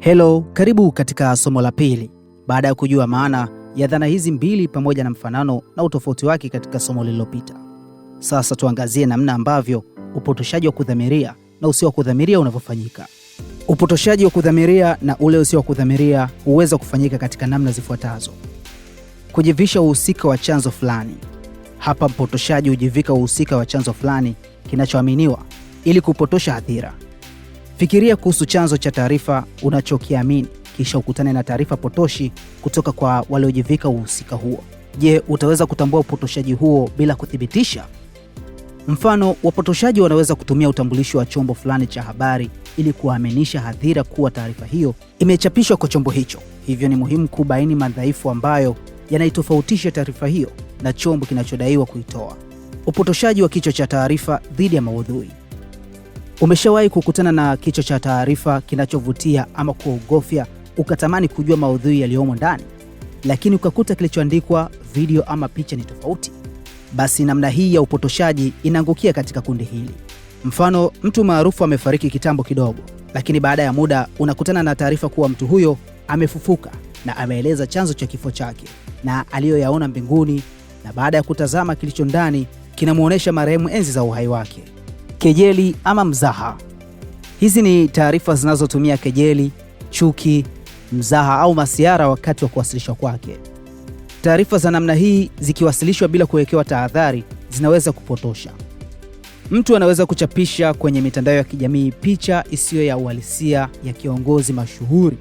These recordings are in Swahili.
Hello, karibu katika somo la pili. Baada ya kujua maana ya dhana hizi mbili pamoja na mfanano na utofauti wake katika somo lililopita, sasa tuangazie namna ambavyo upotoshaji wa kudhamiria na usio wa kudhamiria unavyofanyika. Upotoshaji wa kudhamiria na ule usio wa kudhamiria huweza kufanyika katika namna zifuatazo: kujivisha uhusika wa chanzo fulani. Hapa mpotoshaji hujivika uhusika wa chanzo fulani kinachoaminiwa ili kupotosha hadhira. Fikiria kuhusu chanzo cha taarifa unachokiamini, kisha ukutane na taarifa potoshi kutoka kwa waliojivika uhusika huo. Je, utaweza kutambua upotoshaji huo bila kuthibitisha? Mfano, wapotoshaji wanaweza kutumia utambulisho wa chombo fulani cha habari ili kuwaaminisha hadhira kuwa taarifa hiyo imechapishwa kwa chombo hicho. Hivyo ni muhimu kubaini madhaifu ambayo yanaitofautisha taarifa hiyo na chombo kinachodaiwa kuitoa. Upotoshaji wa kichwa cha taarifa dhidi ya maudhui. Umeshawahi kukutana na kichwa cha taarifa kinachovutia ama kuogofya, ukatamani kujua maudhui yaliyomo ndani, lakini ukakuta kilichoandikwa, video ama picha ni tofauti? Basi namna hii ya upotoshaji inaangukia katika kundi hili. Mfano, mtu maarufu amefariki kitambo kidogo, lakini baada ya muda unakutana na taarifa kuwa mtu huyo amefufuka na ameeleza chanzo cha kifo chake na aliyoyaona mbinguni, na baada ya kutazama kilicho ndani kinamwonyesha marehemu enzi za uhai wake kejeli ama mzaha. Hizi ni taarifa zinazotumia kejeli, chuki, mzaha au masiara wakati wa kuwasilishwa kwake. Taarifa za namna hii zikiwasilishwa bila kuwekewa tahadhari, zinaweza kupotosha. Mtu anaweza kuchapisha kwenye mitandao ya kijamii picha isiyo ya uhalisia ya kiongozi mashuhuri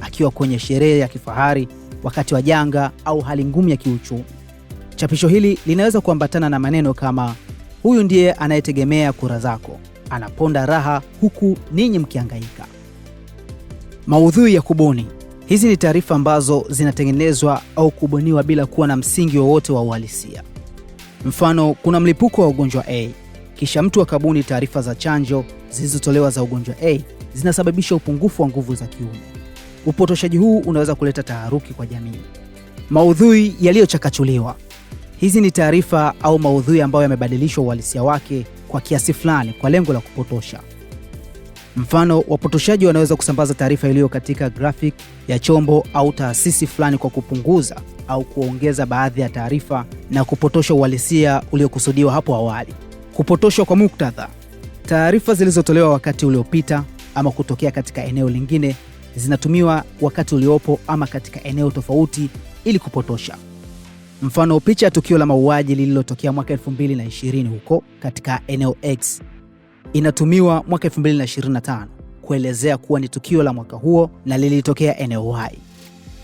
akiwa kwenye sherehe ya kifahari wakati wa janga au hali ngumu ya kiuchumi. Chapisho hili linaweza kuambatana na maneno kama Huyu ndiye anayetegemea kura zako, anaponda raha huku ninyi mkihangaika. Maudhui ya kubuni. Hizi ni taarifa ambazo zinatengenezwa au kubuniwa bila kuwa na msingi wowote wa uhalisia. Mfano, kuna mlipuko wa ugonjwa A, kisha mtu akabuni taarifa za chanjo zilizotolewa za ugonjwa A zinasababisha upungufu wa nguvu za kiume. Upotoshaji huu unaweza kuleta taharuki kwa jamii. Maudhui yaliyochakachuliwa. Hizi ni taarifa au maudhui ambayo yamebadilishwa uhalisia wake kwa kiasi fulani kwa lengo la kupotosha. Mfano, wapotoshaji wanaweza kusambaza taarifa iliyo katika grafiki ya chombo au taasisi fulani kwa kupunguza au kuongeza baadhi ya taarifa na kupotosha uhalisia uliokusudiwa hapo awali. Kupotoshwa kwa muktadha: taarifa zilizotolewa wakati uliopita ama kutokea katika eneo lingine zinatumiwa wakati uliopo ama katika eneo tofauti ili kupotosha. Mfano, picha ya tukio la mauaji lililotokea mwaka 2020 huko katika eneo X inatumiwa mwaka 2025 kuelezea kuwa ni tukio la mwaka huo na lilitokea eneo Y.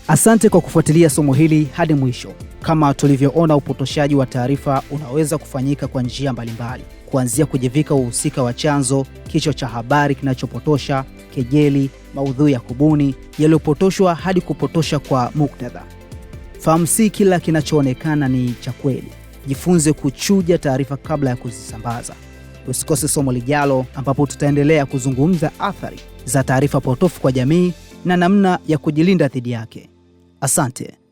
Asante kwa kufuatilia somo hili hadi mwisho. Kama tulivyoona, upotoshaji wa taarifa unaweza kufanyika kwa njia mbalimbali, kuanzia kujivika uhusika wa chanzo, kichwa cha habari kinachopotosha, kejeli, maudhui ya kubuni yaliyopotoshwa hadi kupotosha kwa muktadha. Fahamu si kila kinachoonekana ni cha kweli. Jifunze kuchuja taarifa kabla ya kuzisambaza. Usikose somo lijalo, ambapo tutaendelea kuzungumza athari za taarifa potofu kwa jamii na namna ya kujilinda dhidi yake. Asante.